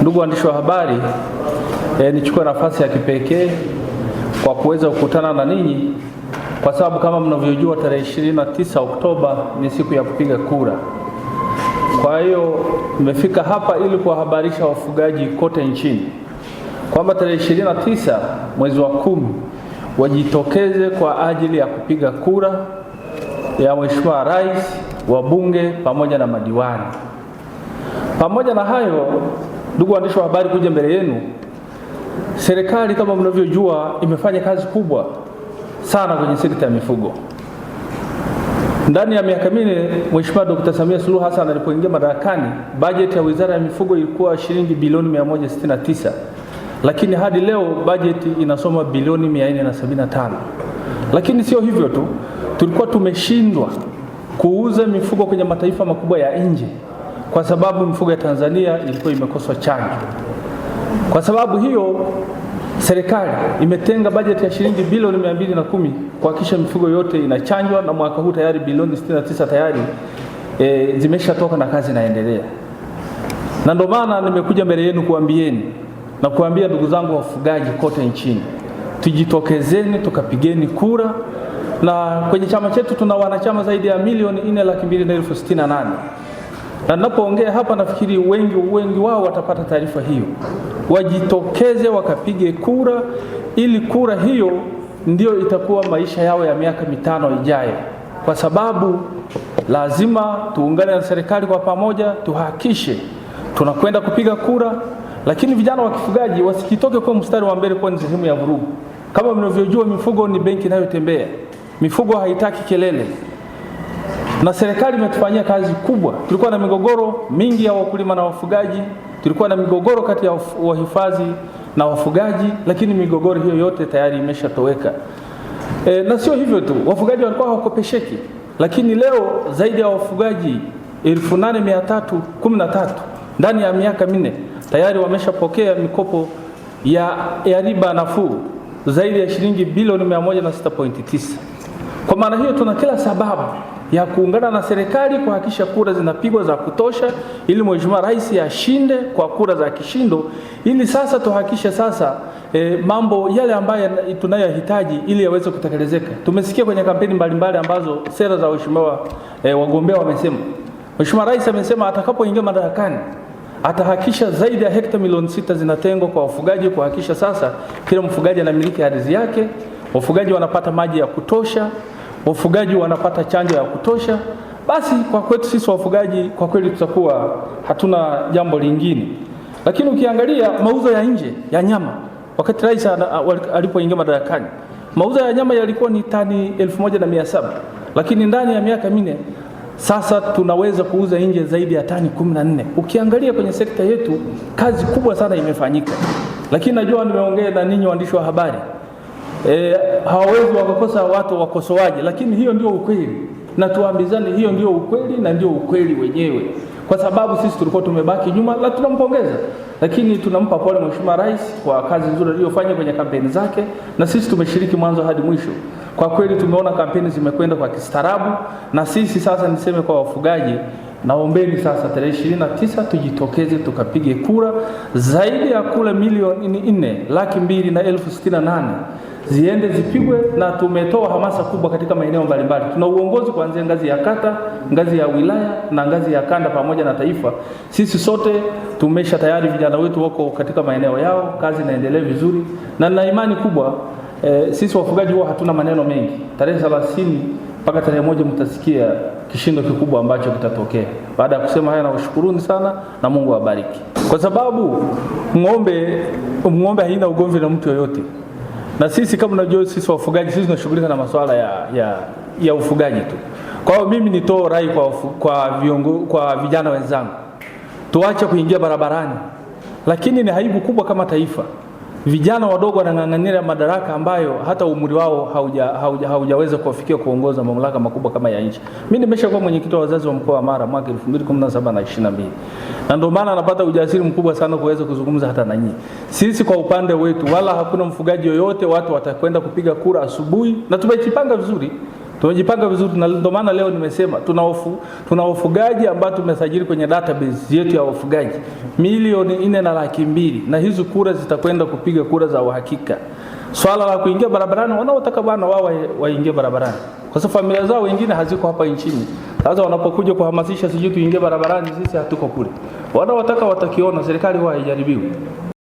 Ndugu waandishi wa habari, e, nichukue nafasi ya kipekee kwa kuweza kukutana na ninyi kwa sababu kama mnavyojua tarehe 29 Oktoba ni siku ya kupiga kura. Kwa hiyo nimefika hapa ili kuwahabarisha wafugaji kote nchini kwamba tarehe 29 mwezi wa kumi wajitokeze kwa ajili ya kupiga kura ya Mheshimiwa Rais, wabunge pamoja na madiwani. Pamoja na hayo Ndugu waandishi wa habari, kuja mbele yenu, serikali kama mnavyojua imefanya kazi kubwa sana kwenye sekta ya mifugo. Ndani ya miaka minne, Mheshimiwa Dkt. Samia Suluhu Hassan alipoingia madarakani, bajeti ya Wizara ya Mifugo ilikuwa shilingi bilioni 169, lakini hadi leo bajeti inasoma bilioni 475. Lakini sio hivyo tu, tulikuwa tumeshindwa kuuza mifugo kwenye mataifa makubwa ya nje kwa sababu mifugo ya Tanzania ilikuwa imekoswa chanjo. Kwa sababu hiyo, serikali imetenga bajeti ya shilingi bilioni 210 kuhakikisha mifugo yote inachanjwa, na mwaka huu tayari bilioni 69 tayari e, zimeshatoka na kazi inaendelea, na ndio maana nimekuja mbele yenu kuambieni na kuambia ndugu zangu wafugaji kote nchini, tujitokezeni tukapigeni kura, na kwenye chama chetu tuna wanachama zaidi ya milioni nne laki mbili na elfu sitini na nane na ninapoongea hapa, nafikiri wengi wengi wao watapata taarifa hiyo, wajitokeze wakapige kura, ili kura hiyo ndio itakuwa maisha yao ya miaka mitano ijayo, kwa sababu lazima tuungane na serikali kwa pamoja, tuhakishe tunakwenda kupiga kura. Lakini vijana wa kifugaji wasijitoke kwa mstari wa mbele kuwa ni sehemu ya vurugu. Kama mnavyojua, mifugo ni benki inayotembea, mifugo haitaki kelele na serikali imetufanyia kazi kubwa. Tulikuwa na migogoro mingi ya wakulima na wafugaji, tulikuwa na migogoro kati ya wahifadhi na wafugaji, lakini migogoro hiyo yote tayari imeshatoweka. E, na sio hivyo tu, wafugaji walikuwa hawakopesheki, lakini leo zaidi ya wafugaji elfu ndani ya miaka minne tayari wameshapokea mikopo ya, ya riba nafuu zaidi ya shilingi bilioni 106.9. Kwa maana hiyo tuna kila sababu ya kuungana na serikali kuhakikisha kura zinapigwa za kutosha, ili mheshimiwa rais ashinde kwa kura za kishindo, ili sasa tuhakikishe sasa e, mambo yale ambayo tunayohitaji ili yaweze kutekelezeka. Tumesikia kwenye kampeni mbalimbali ambazo sera za mheshimiwa e, wagombea wamesema. Mheshimiwa rais amesema atakapoingia madarakani atahakisha zaidi ya hekta milioni sita zinatengwa kwa wafugaji kuhakikisha sasa kila mfugaji anamiliki ardhi yake, wafugaji wanapata maji ya kutosha wafugaji wanapata chanjo ya kutosha, basi kwa kwetu sisi wafugaji kwa kweli tutakuwa hatuna jambo lingine. Lakini ukiangalia mauzo ya nje ya nyama, wakati rais alipoingia madarakani, mauzo ya nyama yalikuwa ni tani elfu moja na mia saba lakini ndani ya miaka minne sasa tunaweza kuuza nje zaidi ya tani kumi na nne. Ukiangalia kwenye sekta yetu kazi kubwa sana imefanyika, lakini najua nimeongea na ninyi waandishi wa habari e, hawawezi wakakosa watu wakosoaji, lakini hiyo ndio ukweli, na tuambizane, hiyo ndio ukweli na ndio ukweli wenyewe, kwa sababu sisi tulikuwa tumebaki nyuma, na tunampongeza lakini tunampa pole Mheshimiwa Rais kwa kazi nzuri aliyofanya kwenye kampeni zake, na sisi tumeshiriki mwanzo hadi mwisho. Kwa kweli tumeona kampeni zimekwenda kwa kistaarabu, na sisi sasa niseme kwa wafugaji, naombeni sasa tarehe ishirini na tisa tujitokeze tukapige kura. Zaidi ya kura milioni nne laki mbili na elfu sitini na nane ziende zipigwe, na tumetoa hamasa kubwa katika maeneo mbalimbali. Tuna uongozi kuanzia ngazi ya kata, ngazi ya wilaya na ngazi ya kanda pamoja na taifa. Sisi sote tumesha tayari, vijana wetu wako katika maeneo yao, kazi inaendelea vizuri na na imani kubwa e, sisi wafugaji huwa hatuna maneno mengi. Tarehe 30 mpaka tarehe moja mtasikia kishindo kikubwa ambacho kitatokea. Baada ya kusema haya, nawashukuruni sana na Mungu awabariki, kwa sababu ng'ombe ng'ombe haina ugomvi na mtu yoyote na sisi kama unajua sisi wafugaji sisi tunashughulika na masuala ya, ya, ya ufugaji tu. Kwa hiyo mimi nitoa rai kwa, kwa, viongo, kwa vijana wenzangu tuache kuingia barabarani, lakini ni aibu kubwa kama taifa vijana wadogo wanang'ang'ania madaraka ambayo hata umri wao haujaweza hauja, hauja kuwafikia kuongoza mamlaka makubwa kama ya nchi. Mimi nimeshakuwa mwenyekiti wa wazazi wa mkoa wa Mara mwaka 2017 na 22, na ndio maana napata ujasiri mkubwa sana kuweza kuzungumza hata na nyinyi. Sisi kwa upande wetu, wala hakuna mfugaji yoyote, watu watakwenda kupiga kura asubuhi na tumejipanga vizuri tumejipanga vizuri, ndio maana leo nimesema tuna wafu, tuna wafugaji ambao tumesajili kwenye database yetu ya wafugaji milioni nne na laki mbili, na hizi kura zitakwenda kupiga kura za uhakika. Swala la kuingia barabarani, wanaotaka bwana wao waingie barabarani, kwa sababu familia zao wengine haziko hapa nchini. Sasa wanapokuja kuhamasisha, sijui tuingie barabarani, sisi hatuko kule, wanaotaka watakiona, serikali huwa haijaribiwi.